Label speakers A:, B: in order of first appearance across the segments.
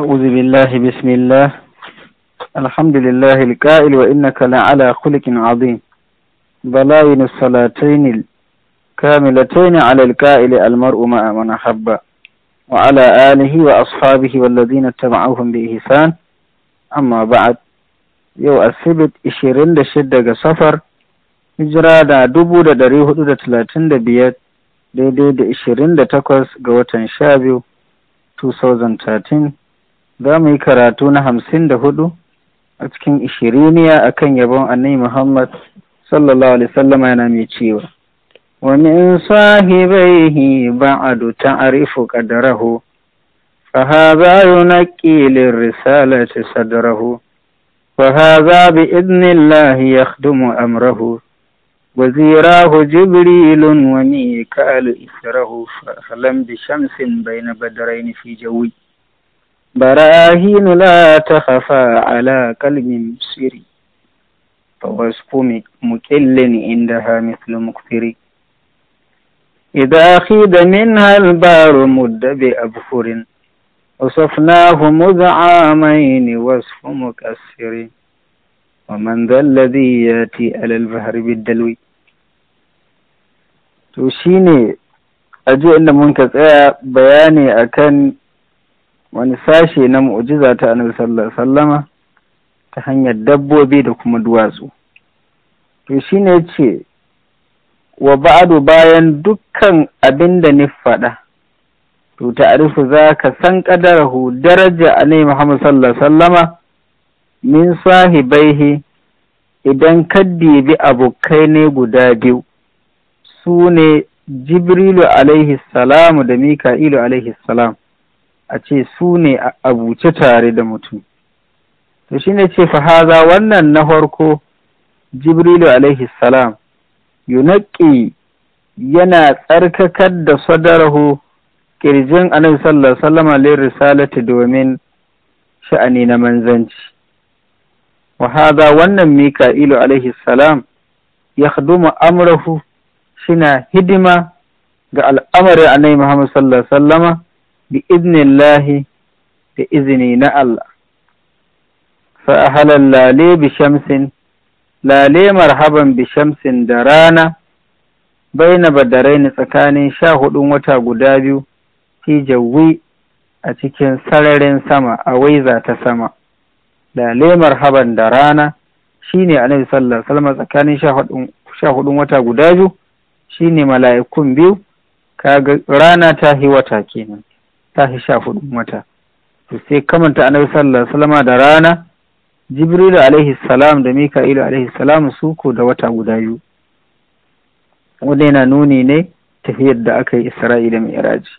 A: أعوذ بالله بسم الله الحمد لله القائل وإنك لعلى خلق عظيم بلاين الصلاتين الكاملتين على القائل المرء مع من أحب وعلى آله وأصحابه والذين اتبعوهم بإحسان أما بعد yau asibit 26 ga safar hijira da 435 daidai da 28 ga watan 12 2013 za mu yi karatu na hamsin da hudu a cikin ishiriniya a kan yabon annai Muhammad sallallahu alaihi sallama yana mai cewa wa min sahibaihi ba'adu ta'rifu qadrahu fa hadha yunqi lirrisalati sadrahu fa hadha bi idnillahi yakhdumu amrahu وزيراه جبريل وميكال إسره فأهلا بشمس بين بدرين في جوي Barahinu la ta hafa ala kalmin ta wasu kome mukelle ni inda ha mislu mukfiri. Ida ahi da min halbaru mu dabe abu furin, usuf na hu mu za a mai ni wasu fu mu kasiri, wa man zalla zai ya ti alal bahar bi dalwi. To shi ne, a ji inda mun ka tsaya bayani a wani sashe na mu'jiza ta annabi sallallahu alaihi wasallama ta hanyar dabbobi da kuma duwatsu to shine ce wa ba'adu bayan dukkan abin da ni faɗa to ta'arifu za ka san ƙadarahu daraja annabi Muhammad sallallahu alaihi wasallama min sahibaihi idan ka dibi abokai ne guda biyu su ne Jibrilu alaihi salamu da Mika'ilu alaihi salam a ce su ne a abuce tare da mutum to shi ne ce fahaza wannan na farko jibrilu alaihi salam yunaki yana tsarkakar da sadarahu ƙirjin annabi sallallahu sallama lin risalati domin sha'ani na manzanci wahaza wannan mika'ilu alaihi salam ya amrahu shina hidima ga al'amarin annabi muhammad sallallahu sallama bi iznillahi da izini na Allah fa ahalan lale bi shamsin lale marhaban bi shamsin da rana baina badaraini tsakanin sha hudun wata guda biyu fi jawi a cikin sararin sama a waiza ta sama lale marhaban da rana shine annabi sallallahu alaihi Salma tsakanin sha hudun wata guda biyu shi ne mala'ikun biyu kaga rana ta hi wata kenan tashi sha hudun wata to sai kamanta annabi sallallahu alaihi wasallam da rana jibrilu alaihi salam da mika'ilu alaihi salam su ko da wata guda biyu wannan yana nuni ne tafiyar da aka yi isra'ila mai iraji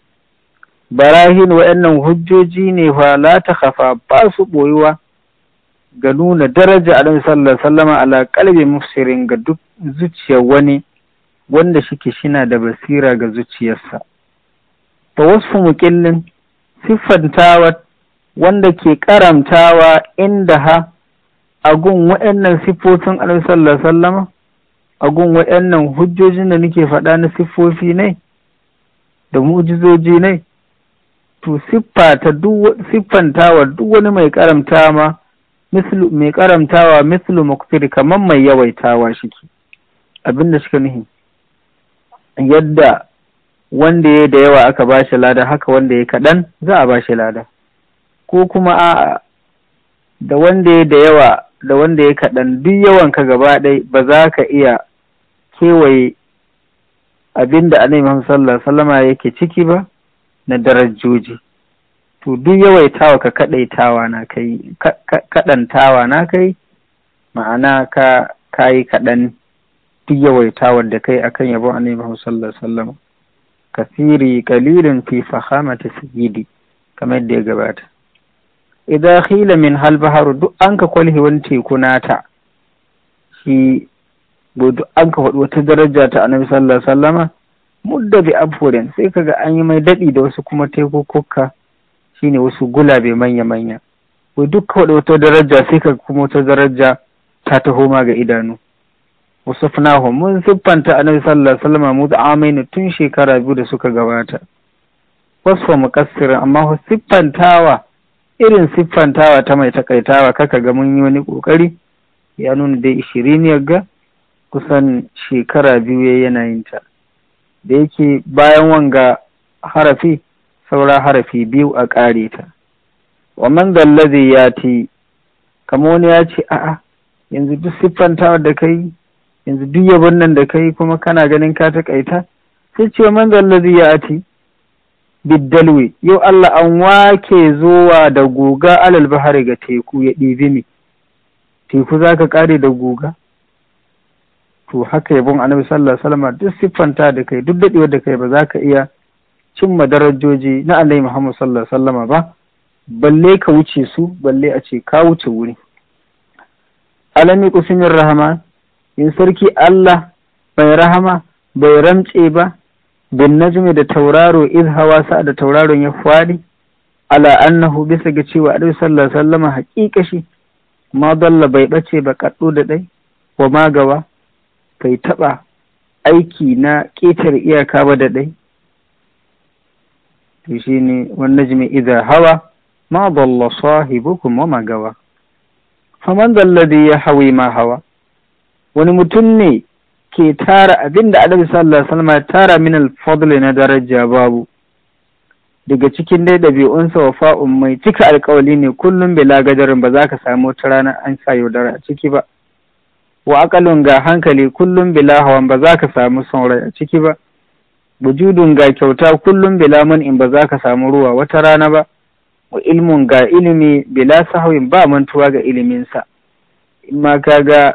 A: barahin wa'annan hujjoji ne fa la ta khafa ba su boyuwa ga nuna daraja alaihi sallallahu wasallam ala kalbi mufsirin ga duk zuciyar wani wanda shike shina da basira ga zuciyarsa da wasu muƙillin siffantawa wanda ke karamtawa inda ha a gun waɗannan siffofin alaihi sallama a gun waɗannan hujjojin da nake faɗa na siffofi ne da mu'jizoji ne to siffantawa duk wani mai karamta ma mislu mai karamtawa mislu muktir kamar mai yawaitawa shike abinda suka nuhi yadda wanda ya da yawa aka ba shi lada haka wanda ya kaɗan za a ba shi lada ko kuma a da wanda ya da yawa da wanda ya kaɗan duk yawan ka gaba ɗai ba za ka iya kewaye abin da anayi Muhammad sallama yake ciki ba na darajoji to duk yawaitawa ka kaɗai tawa na kai kaɗan tawa na kai ma'ana ka kayi kaɗan duk yawaitawar da kai akan yabon anayi Muhammad sallar kasiri kalilin fi ta sayyidi kamar da ya gabata idza khila min hal baharu duk an ka kwalhi wani teku nata shi duk an ka faɗi wata daraja ta annabi sallallahu alaihi wasallama mudda bi afurin sai kaga an yi mai daɗi da wasu kuma tekukuka shine wasu gulabe manya manya wai duk faɗi wata daraja sai kaga kuma wata daraja ta taho ma ga idanu wasafnahu mun siffanta annabi sallallahu alaihi wasallam mu da tun shekara biyu da suka gabata wasfa muƙassira amma siffantawa irin siffantawa ta mai takaitawa kaka ga mun yi wani kokari ya nuna dai ishiriniyar ga kusan shekara biyu ya yin ta da yake bayan wanga harafi saura harafi biyu a ƙare ta wa man dallazi ya ce kamar wani ya ce a'a yanzu duk siffantawa da kai yanzu duk yabon nan da kai kuma kana ganin ka takaita sai ce man zallazi ya ati biddalwe yau Allah an wake zowa da guga alal bahari ga teku ya ɗibi ni teku za ka ƙare da guga to haka yabon annabi sallallahu alaihi wasallam duk siffanta da kai duk daɗewar da kai ba za ka iya cimma darajoji na annabi Muhammad sallallahu alaihi ba balle ka wuce su balle a ce ka wuce wuri alami kusimin rahman in sarki Allah bai rahama bai ramce ba bin najmi da tauraro iz hawa sa da tauraron ya fadi ala annahu bisa ga cewa alaihi sallallahu sallar wasallama haƙiƙa shi ma dalla bai bace ba kaɗo da dai wa magawa bai taɓa aiki na ƙetare iyaka ba da dai to ne wani najmi idza hawa ma dalla sahibukum wa magawa faman ya hawi ma hawa wani mutum ne ke tara abin da annabi sallallahu alaihi wasallam ya tara min al na daraja babu daga cikin dai ɗabi'unsa wafa'un mai cika alkawali ne kullum bila gadarin ba za ka samu wata rana an sa yaudara a ciki ba wa akalun ga hankali kullum bila hawan ba za ka samu saurayi a ciki ba bujudun ga kyauta kullum bila in ba za ka samu ruwa wata rana ba wa ilmun ga ilimi bila sahawin ba mantuwa ga iliminsa in ma ka ga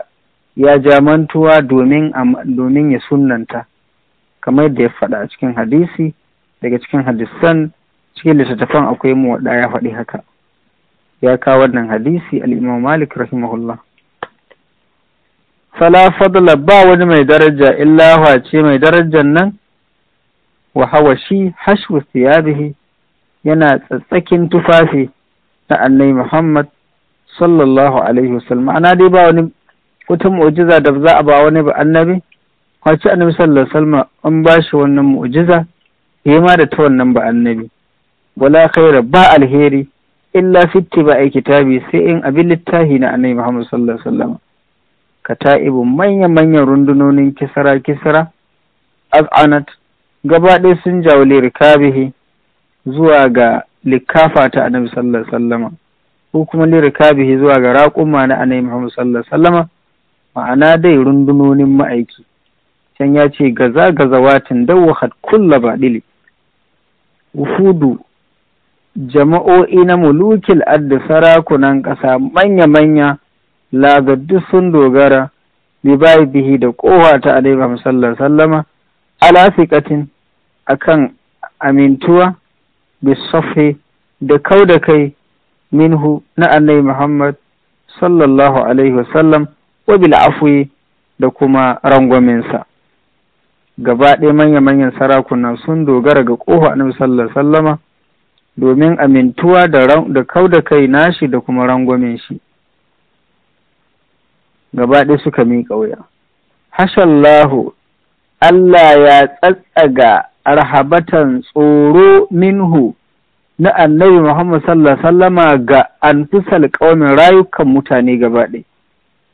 A: ya ja mantuwa domin ya sunanta kamar yadda ya faɗa a cikin hadisi daga cikin hadisan cikin littattafan akwai mu waɗa ya faɗi haka ya kawo wannan hadisi al'imam malik rahimahullah fala fadla ba wani mai daraja illa ce mai darajar nan wa shi hashwu thiyabihi yana tsatsakin tufafi na annai muhammad sallallahu alaihi wasallam ana dai ba wani wata mu'jiza da za a ba wani ba annabi wace annabi sallallahu alaihi wasallam an ba shi wannan mu'jiza yi ma da ta wannan ba annabi wala khaira ba alheri illa fitti ba ai kitabi sai in abin littahi na annabi Muhammad sallallahu alaihi wasallam ka ta'ibu manyan manyan rundunonin kisara-kisara? az'anat gaba ɗaya sun jawo rikabihi zuwa ga likafa ta annabi sallallahu alaihi wasallam ko kuma lirikabihi zuwa ga raƙuma na annabi Muhammad sallallahu alaihi wasallam ma'ana dai rundunonin ma'aiki can ya ce gaza gazawatin dawahat kulla baɗili wufudu jama'o'i na mulukil adda sarakunan ƙasa manya-manya lagaddu sun dogara bi bayi bihi da kowa ta alaihi musallar sallama alafiƙatin kan amintuwa bisafi da kau da kai minhu na annai muhammad sallallahu alaihi wasallam wa bil da kuma rangwaminsa gaba ɗaya manya-manyan sarakuna sun dogara ga ƙofa annabi sallallahu sallama domin amintuwa da kau da kai nashi da kuma rangwamin shi gaba ɗaya suka miƙa wuya hashallahu Allah ya tsatsaga arhabatan tsoro minhu na annabi Muhammad sallallahu sallama ga an ƙaumin rayukan mutane gaba ɗaya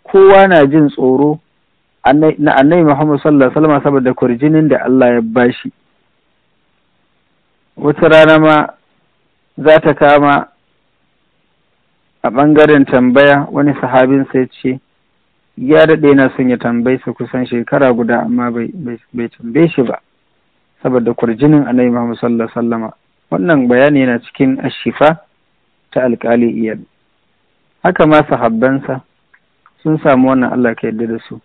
A: kowa na jin tsoro na annai Muhammad sallallahu alaihi wasallam saboda kurjinin da Allah ya bashi wata rana ma za ta kama a ɓangaren tambaya wani sahabin sai ce ya daɗe na son ya tambaye su kusan shekara guda amma bai tambaye shi ba saboda kurjinin annai Muhammad sallallahu alaihi wannan bayani yana cikin ashifa ta alƙali iyal haka ma sahabbansa sun samu wannan Allah ka yarda da su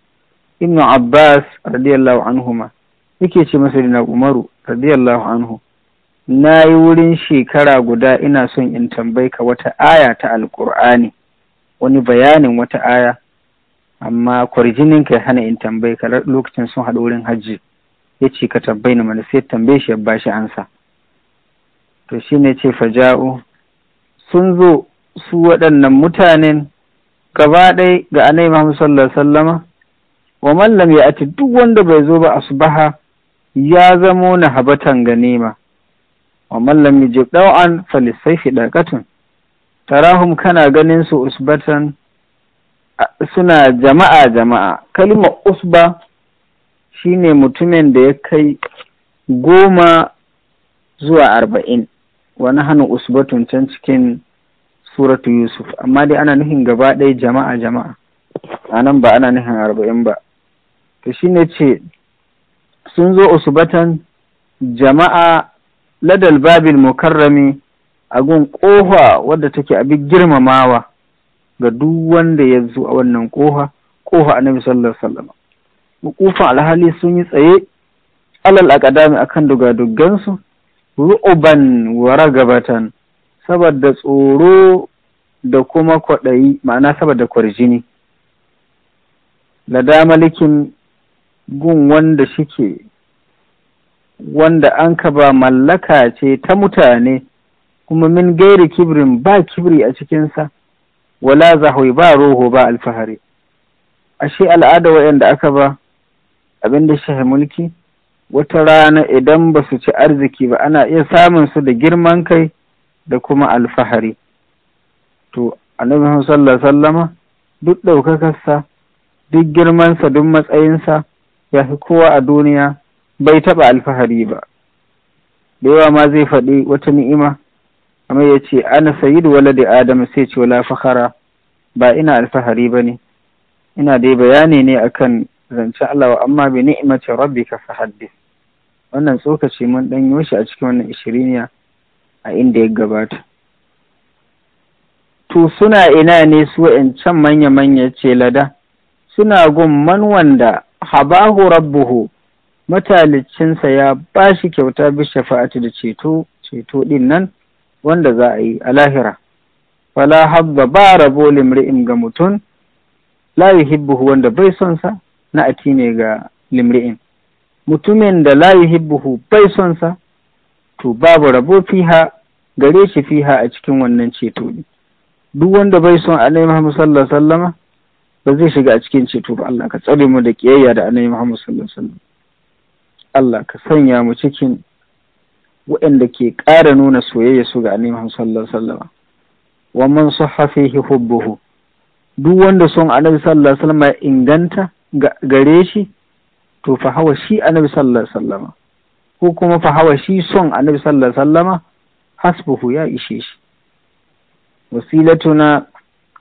A: ibnu abbas radiyallahu anhu ma yake ce masa dina umaru radiyallahu anhu na yi wurin shekara guda ina son in tambayi ka wata aya ta alkur'ani wani bayanin wata aya amma kwarjinin ka hana in tambayi ka lokacin sun haɗu wurin hajji ya ce ka tambayi na mana sai tambaye shi ya bashi ansa to shi ne ce faja'u sun zo su waɗannan mutanen gaba ɗaya ga anai Muhammad sallallahu alaihi wa mallam ya ati duk wanda bai zo ba asbaha ya zamo na habatan ganima wa mallam yajib daw'an falisaifi daqatun tarahum kana ganin su usbatan suna jama'a jama'a kalma usba shine mutumin da ya kai goma zuwa arba'in wani hana usbatun can cikin suratu yusuf amma dai ana nufin gaba ɗaya jama'a jama'a a nan ba ana nuhin arba'in ba to ne ce sun zo usubatan jama'a ladal babil mukarrami a gun ƙofa wadda take abin girmamawa ga duk wanda ya zo a wannan ƙofa ƙofa annabi sallallahu alaihi wasallam mukufan alhali sun yi tsaye alal akadami akan dugadugansu ru'uban wa ragabatan saboda tsoro da kuma kwaɗayi ma'ana saboda kwarjini lada likin gun wanda shike wanda an ka ba mallaka ce ta mutane kuma min gairi kibrin ba kibri a cikinsa wala zahwai ba roho ba alfahari ashe al'ada wa'yanda aka ba abin da mulki wata rana idan ba su ci arziki ba ana iya samun su da girman kai da kuma alfahari to annabi sallallahu sallama duk ɗaukakarsa duk girmansa duk matsayinsa ya fi kowa a duniya bai taɓa alfahari ba da yawa ma zai faɗi wata ni'ima amma ya ce ana sayidu wala da adam sai ce wala fahara ba ina alfahari ba ne ina dai bayani ne akan zancen Allah amma bi ni'imati rabbika fahaddith wannan tsokaci mun ɗanyo shi a cikin wannan ishiriniya a inda ya gabata to suna ina ne su can manya-manya ce lada suna gun man wanda habahu rabbuhu matalicinsa ya ba shi kyauta bi fa’ati da ceto ceto din nan wanda za a yi a lahira fala habba ba rabo limri'in ga mutum layi hibbuhu wanda bai son sa na ati ne ga limri'in mutumin da layi hibbuhu bai son sa to babu rabo fiha gare shi fiha a cikin wannan ceto ne duk wanda bai son annabi Muhammad sallallahu alaihi wasallama ba zai shiga a cikin ceto ba Allah ka tsare mu da kiyayya da annabi Muhammad sallallahu alaihi wasallam Allah ka sanya mu cikin waɗanda ke ƙara nuna soyayya su ga annabi Muhammad sallallahu alaihi wasallama wa man sahha fihi hubbuhu duk wanda son annabi sallallahu alaihi wasallama inganta gare shi to fa hawa shi annabi sallallahu alaihi wasallama ko kuma fa hawa shi son annabi sallallahu alaihi wasallama hasbuhu ya ishe shi wasilatuna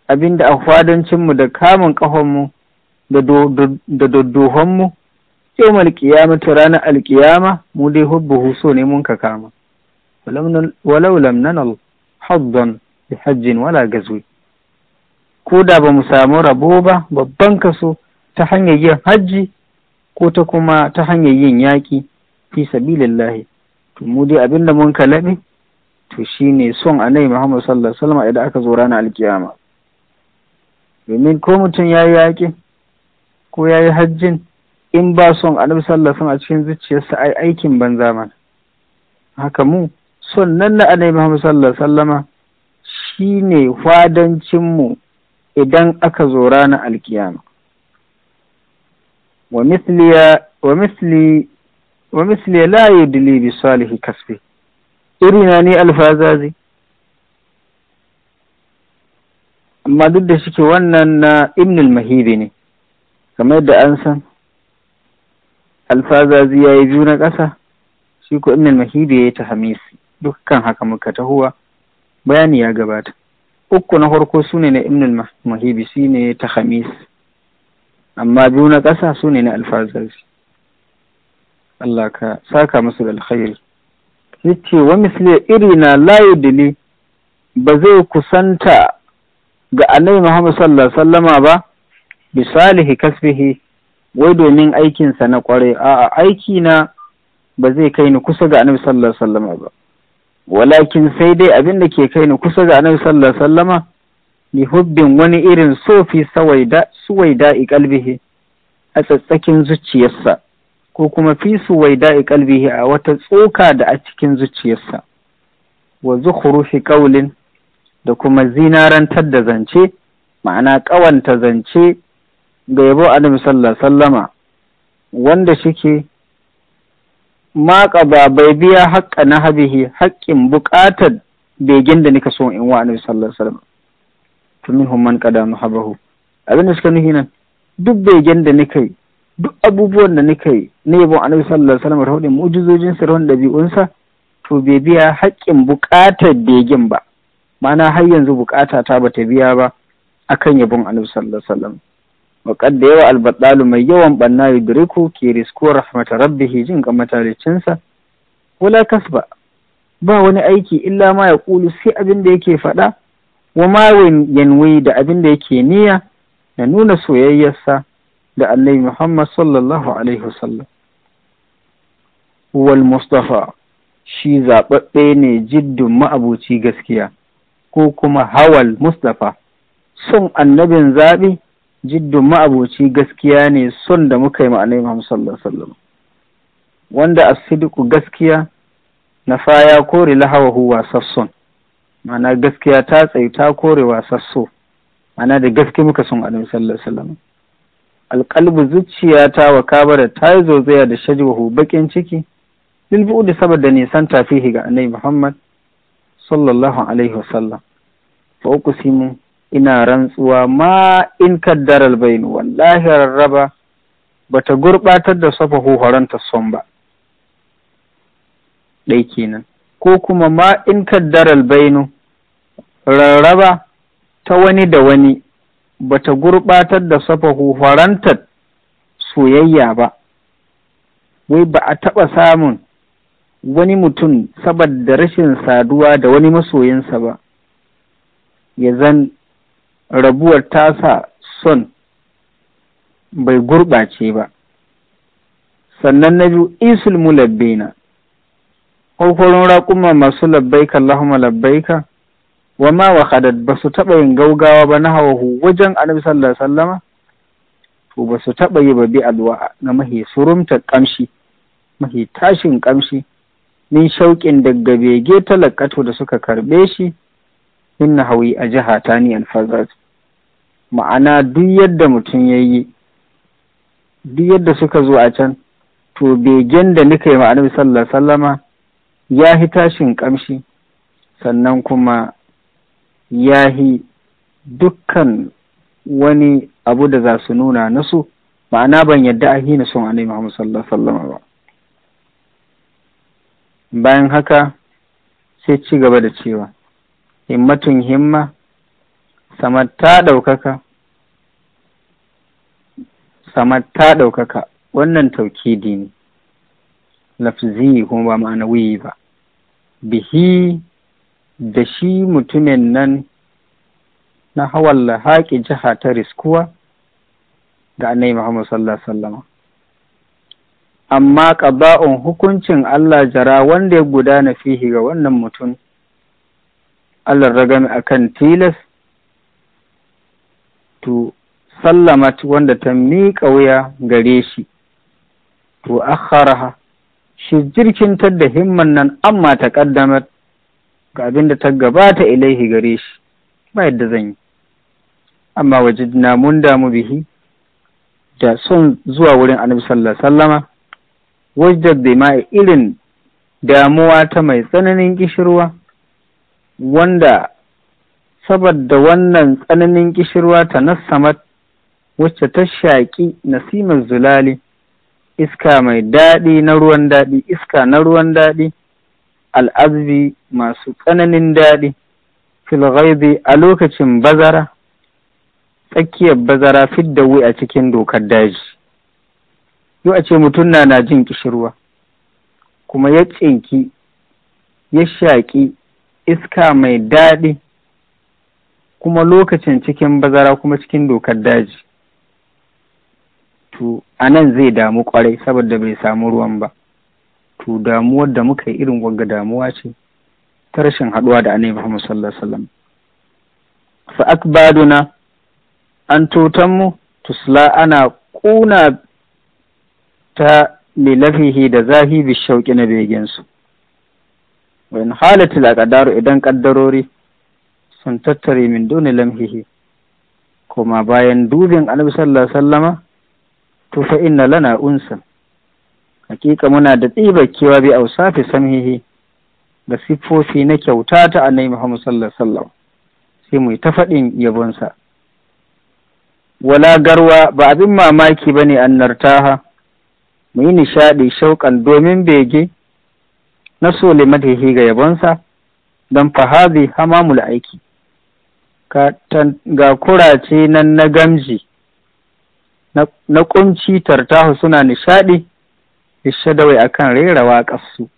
A: abinda a fadancinmu da kamun ƙahonmu da doddohonmu yau malƙiyama ta ranar alƙiyama mu dai hubbu so ne mun ka kama walau lamnanal haddan da hajjin wala gazwe ko da ba mu samu rabo ba babban kaso ta hanyar yin hajji ko ta kuma ta hanyar yin yaƙi fi sabilillahi to mu dai abinda mun kalabe to shi ne son annabi Muhammad sallallahu alaihi wasallam idan aka zo ranar alkiyama domin ko mutum ya yi yaƙi ko ya yi hajjin in ba son annabi sallallahu alaihi a cikin zuciyarsa ai aikin ban mana haka mu son nan na annabi Muhammad sallallahu alaihi wasallama shine fadancin idan aka zo ranar alkiyama wa misliya wa misli wa misli la yudli bi salihi kasbi irina ne alfazazi amma duk da ke wannan na ibnul mahibi ne kamar yadda an san alfazazi ya yi biyu na ƙasa shi ko ibnul mahibi ya yi ta hamisi dukkan haka muka tahuwa bayani ya gabata uku na farko su ne na ibnul mahibi shi ne ta hamisi amma biyu na ƙasa su ne na alfazazi Allah ka saka musu da alkhairi yace wa misli irina layu dili ba zai kusanta ga annabi Muhammad sallallahu alaihi wasallama ba bi salihi kasbihi wai domin aikinsa na kware a aiki na ba zai kai ni kusa ga annabi sallallahu alaihi wasallama ba walakin sai dai abin da ke kai ni kusa ga annabi sallallahu alaihi wasallama ni hubbin wani irin sofi sawaida suwaida i kalbihi a tsatsakin zuciyarsa ko kuma fi da'i kalbihi a wata tsoka da a cikin zuciyarsa wa fi qawlin da kuma zinarantar da zance ma'ana ƙawanta zance ga yabo annabi sallallahu alaihi sallama wanda shike maƙa ba bai biya haƙƙa na habihi haƙƙin buƙatar begen da nika so in wa annabi sallallahu alaihi sallama to min man qada mahabahu abin da suka nuhi nan duk begen da nika duk abubuwan da nika yi na yabon annabi sallallahu alaihi wasallam da mu'jizojin sa da ɗabi'unsa to bai biya haƙƙin buƙatar begen ba ma'ana har yanzu buƙata ta bata biya ba akan yabon annabi sallallahu alaihi wasallam waƙad da yawa albaɗalu mai yawan ɓanna yudriku ke risko rahmata rabbihi jin ga matalicinsa wala kasba ba wani aiki illa ma ya ƙulu sai abin da yake faɗa wa ma yanwi da abin da yake niyya na nuna soyayyarsa da annabi Muhammad sallallahu alaihi wasallam wal mustafa shi zaɓaɓɓe ne jiddin ma'abuci gaskiya ko kuma hawal mustafa son annabin zaɓi jiddin ma'abuci gaskiya ne son da muka yi ma'anai Muhammad sallallahu alaihi wanda a asidiku gaskiya na faya kore lahawahu wasasson ma'ana gaskiya ta tsaye ta kore wasasso ma'ana da gaske muka son annabi sallallahu alaihi wasallam alƙalbu zuciyata wa kabara ta yi zozaya da shajwahu baƙin ciki lil bu'udi saboda nisan tafihi ga annabi Muhammad sallallahu alaihi wasallam fa simu ina rantsuwa ma in kaddara albayn wallahi rarraba ta gurɓatar da safahu horonta son ba ɗai kenan ko kuma ma in kaddara albainu rarraba ta wani da wani bata gurɓatar da safahu farantar soyayya ba wai ba a taɓa samun wani mutum saboda rashin saduwa da wani masoyinsa ba ya zan rabuwar tasa son bai gurɓace ba sannan na biyu isul labbaina kwakwaron raƙuma masu labbaika Allahumma labbaika wa ma wa hadad ba su taɓa yin gaugawa ba na hawahu wajen annabi sallallahu alaihi wasallama to ba su taɓa yi ba bi alwa na mahi surumta kamshi mahi tashin kamshi min shauƙin daga bege talakato da suka karɓe shi inna hawi a jiha ta ni alfazat ma'ana duk yadda mutum ya yi duk yadda suka zo a can to begen da nika yi ma annabi sallallahu alaihi wasallama ya tashin ƙamshi sannan kuma ya yahi dukkan wani abu da za su nuna na su ma'ana ban yadda a hina son annabi Muhammad sallallahu alaihi wasallam ba bayan haka sai ci gaba da cewa himmatun himma samatta ɗaukaka samatta ɗaukaka wannan taukidi ne lafzi kuma ba wuyi ba bihi da shi mutumin nan na hawan lahaƙi jiha ta riskuwa ga annabi Muhammad sallallahu sallama. Amma ƙaba'un hukuncin Allah jara wanda ya gudana fihi ga wannan mutum, Allah ragami akan kan tilas, to sallamat wanda ta miƙa wuya gare shi, to akharaha shi jirkintar da himman nan amma ta ƙaddamar ga abin da ta gabata ilaihi gare shi ba yadda zan yi amma wajidna mun damu bihi da son zuwa wurin annabi sallallahu alaihi wasallama wajdar da irin damuwa ta mai tsananin kishirwa wanda saboda wannan tsananin kishirwa ta nassamat wacce ta shaƙi nasimar zulali iska mai daɗi na ruwan daɗi iska na ruwan daɗi al'azbi masu tsananin daɗi filghaibi a lokacin bazara tsakiyar bazara fidda wai a cikin dokar daji yau a ce mutum na na jin kishirwa kuma ya tsinki ya shaƙi iska mai daɗi kuma lokacin cikin bazara kuma cikin dokar daji to a nan zai damu kwarai saboda bai samu ruwan ba to damuwar da muka yi irin wagga damuwa ce ta rashin haɗuwa da annabi Muhammad sallallahu alaihi wasallam fa akbaduna an tutan mu tusla ana ƙuna ta lilafihi da zahi bi shauƙi na su wa in halatil aqdaru idan ƙaddarori sun tattare min duni lamhihi kuma bayan dubin annabi sallallahu alaihi wasallama to fa inna lana unsa hakika muna da tsibar kewa bi ausafi samhihi da siffofi na kyauta ta annabi Muhammad sallallahu alaihi wasallam sai mu yi ta faɗin yabonsa wala garwa ba abin mamaki bane annartaha mu yi nishaɗi shauƙan domin bege na sole madahi ga yabonsa don fahazi hamamul aiki ga kurace nan na gamji na kunci tartahu suna nishaɗi ishadawai akan rera waƙarsu.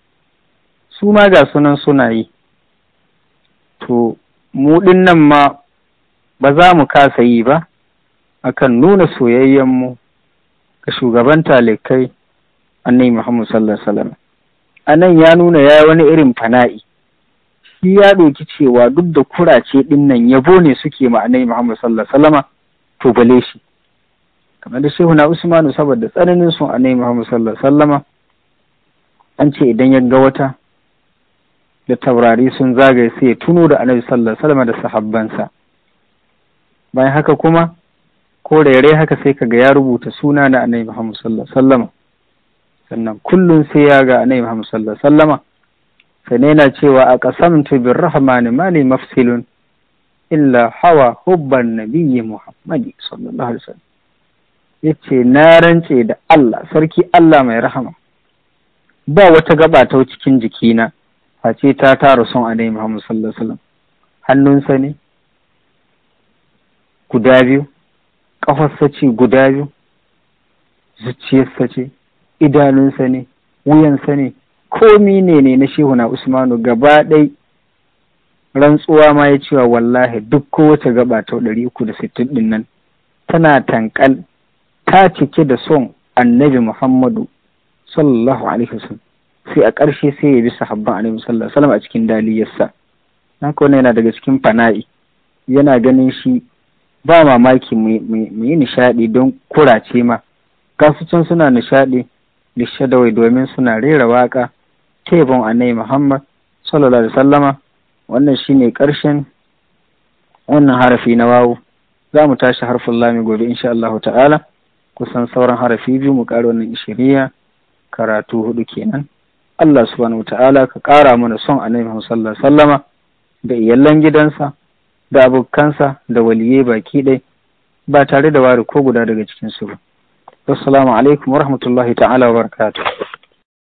A: su ma ga sunan suna yi to mu nan ma ba za mu kasa yi ba akan nuna soyayyenmu ga shugaban talikai annai Muhammadu sallallahu alaihi a nan ya nuna ya wani irin fana'i shi ya ɗauki cewa duk da kurace ɗin nan yabo ne suke ma annai Muhammadu sallallahu alaihi to bale shi kamar da shehu na usmanu saboda tsananin sun annai Muhammadu sallallahu alaihi an ce idan ya ga wata da taurari sun zagaye sai ya tuno da annabi sallallahu alaihi wasallam da sahabbansa bayan haka kuma ko rere haka sai kaga ya rubuta suna na annabi Muhammad sallallahu alaihi wasallam sannan kullun sai ya ga annabi Muhammad sallallahu alaihi wasallam sannan yana cewa a qasamtu birrahman mali mafsilun illa hawa hubban nabiyyi Muhammad sallallahu alaihi wasallam yace na rance da Allah sarki Allah mai rahama ba wata gaba ta cikin jikina ce ta tara son annabi Muhammad sallallahu alaihi wasallam hannunsa ne guda biyu ƙafarsa ce guda biyu zuciyarsa ce idanunsa ne wuyansa ne komi ne ne na shehu na usmanu gaba ɗai rantsuwa ma ya cewa wallahi duk kowace gaba ta ɗari uku da sittin ɗin nan tana tankal ta cike da son annabi muhammadu sallallahu alaihi wasallam sai a ƙarshe sai ya bi sahabban annabi sallallahu alaihi a cikin daliyarsa haka wannan yana daga cikin fana'i yana ganin shi ba mamaki mu yi nishaɗi don kurace ma kasucin suna nishaɗi lishadawai domin suna rera waƙa tebon annabi muhammad sallallahu alaihi wasallama wannan shine ƙarshen wannan harafi na wawu za mu tashi harfin lami gobe insha Allah ta'ala kusan sauran harafi biyu mu ƙara wannan ishiriya karatu hudu kenan Allah subhanahu wataala ka ƙara mana son annabi Muhammad sallama da iyalan gidansa da abokansa da waliye baki ɗai ba tare da ware ko guda daga cikin su ba. Assalamu alaikum wa rahmatullahi ta'ala wa barakatuh.